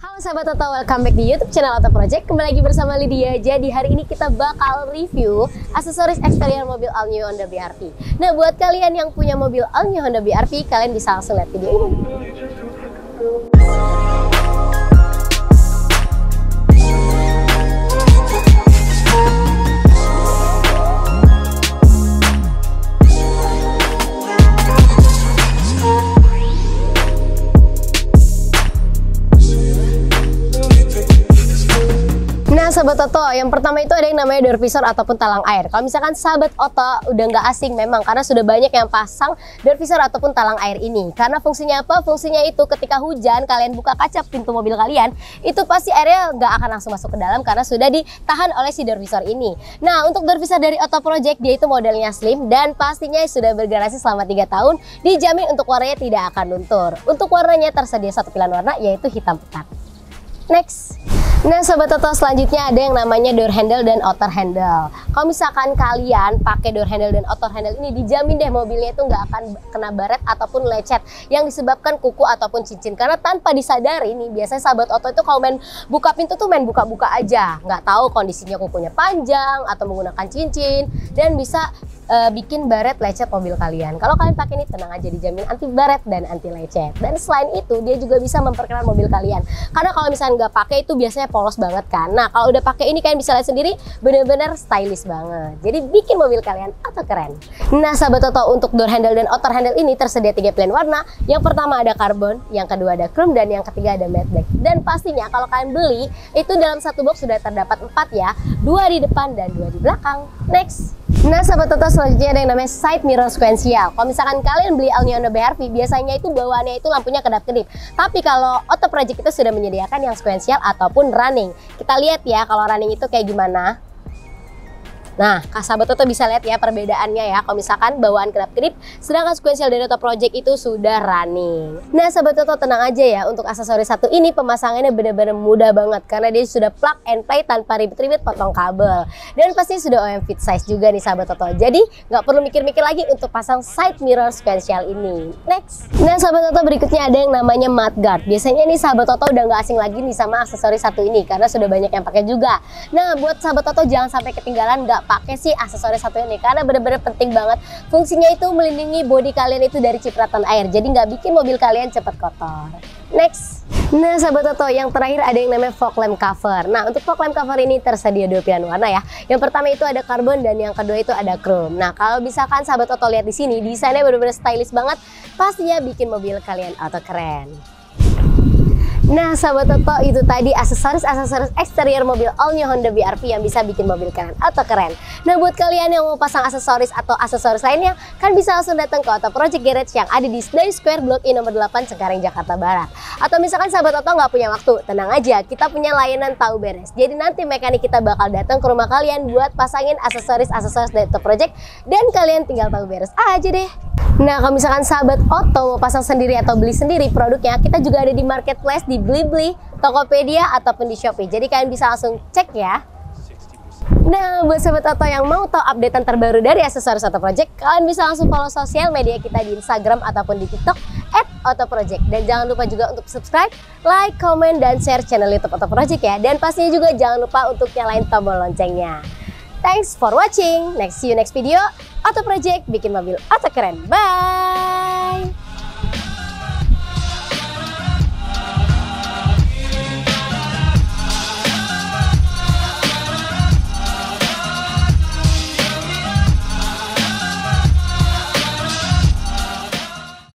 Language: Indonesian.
Halo sahabat Toto, welcome back di YouTube channel Auto Project. Kembali lagi bersama Lydia. Jadi hari ini kita bakal review aksesoris eksterior mobil all new Honda BRV. Nah, buat kalian yang punya mobil all new Honda BRV, kalian bisa langsung lihat video ini. Sobat Oto, yang pertama itu ada yang namanya door visor ataupun talang air. Kalau misalkan Sahabat Oto udah nggak asing memang karena sudah banyak yang pasang door visor ataupun talang air ini. Karena fungsinya apa? Fungsinya itu ketika hujan kalian buka kaca pintu mobil kalian, itu pasti airnya nggak akan langsung masuk ke dalam karena sudah ditahan oleh si door visor ini. Nah, untuk door visor dari Oto Project dia itu modelnya slim dan pastinya sudah bergarasi selama 3 tahun, dijamin untuk warnanya tidak akan luntur. Untuk warnanya tersedia satu pilihan warna yaitu hitam pekat. Next. Nah sobat Toto selanjutnya ada yang namanya door handle dan outer handle. Kalau misalkan kalian pakai door handle dan outer handle ini dijamin deh mobilnya itu nggak akan kena baret ataupun lecet yang disebabkan kuku ataupun cincin. Karena tanpa disadari nih biasanya sahabat Toto itu kalau main buka pintu tuh main buka-buka aja, nggak tahu kondisinya kukunya panjang atau menggunakan cincin dan bisa uh, bikin baret lecet mobil kalian. Kalau kalian pakai ini tenang aja dijamin anti baret dan anti lecet. Dan selain itu dia juga bisa memperkenalkan mobil kalian. Karena kalau misalnya nggak pakai itu biasanya polos banget kan. Nah kalau udah pakai ini kalian bisa lihat sendiri bener-bener stylish banget. Jadi bikin mobil kalian atau keren. Nah sahabat Toto untuk door handle dan outer handle ini tersedia tiga pilihan warna. Yang pertama ada carbon, yang kedua ada chrome dan yang ketiga ada matte black. Dan pastinya kalau kalian beli itu dalam satu box sudah terdapat empat ya, dua di depan dan dua di belakang. Next. Nah sahabat Toto selanjutnya ada yang namanya side mirror sequential Kalau misalkan kalian beli El Nino BRV biasanya itu bawaannya itu lampunya kedap-kedip Tapi kalau Auto Project itu sudah menyediakan yang sequential ataupun running Kita lihat ya kalau running itu kayak gimana Nah, Sahabat Toto bisa lihat ya perbedaannya ya. Kalau misalkan bawaan kerap kedip, sedangkan sequential Denoto Project itu sudah running. Nah, sahabat Toto tenang aja ya. Untuk aksesoris satu ini pemasangannya benar-benar mudah banget karena dia sudah plug and play tanpa ribet-ribet potong kabel. Dan pasti sudah OM fit size juga nih sahabat Toto. Jadi nggak perlu mikir-mikir lagi untuk pasang side mirror sequential ini. Next. Nah, sahabat Toto berikutnya ada yang namanya guard. Biasanya nih sahabat Toto udah nggak asing lagi nih sama aksesoris satu ini karena sudah banyak yang pakai juga. Nah, buat sahabat Toto jangan sampai ketinggalan nggak pakai sih aksesoris satu ini karena bener-bener penting banget. Fungsinya itu melindungi body kalian itu dari cipratan air. Jadi nggak bikin mobil kalian cepat kotor. Next. Nah sahabat Toto, yang terakhir ada yang namanya fog lamp cover. Nah untuk fog lamp cover ini tersedia dua pilihan warna ya. Yang pertama itu ada karbon dan yang kedua itu ada chrome. Nah kalau misalkan sahabat Toto lihat di sini, desainnya benar-benar stylish banget. Pastinya bikin mobil kalian auto keren. Nah, sahabat Toto, itu tadi aksesoris-aksesoris eksterior mobil all new Honda BRV yang bisa bikin mobil keren atau keren. Nah, buat kalian yang mau pasang aksesoris atau aksesoris lainnya, kan bisa langsung datang ke Auto Project Garage yang ada di Senayan Square Block I e nomor 8 Cengkareng, Jakarta Barat. Atau misalkan sahabat Toto nggak punya waktu, tenang aja, kita punya layanan tahu beres. Jadi nanti mekanik kita bakal datang ke rumah kalian buat pasangin aksesoris-aksesoris dari Auto Project dan kalian tinggal tahu beres aja deh. Nah, kalau misalkan sahabat Oto mau pasang sendiri atau beli sendiri produknya, kita juga ada di marketplace di Blibli, Tokopedia ataupun di Shopee. Jadi kalian bisa langsung cek ya. Nah, buat sahabat Oto yang mau tahu update terbaru dari aksesoris Oto Project, kalian bisa langsung follow sosial media kita di Instagram ataupun di TikTok Oto Project. Dan jangan lupa juga untuk subscribe, like, comment dan share channel YouTube Oto Project ya. Dan pastinya juga jangan lupa untuk nyalain tombol loncengnya. Thanks for watching. Next see you next video. Auto Project bikin mobil auto keren. Bye.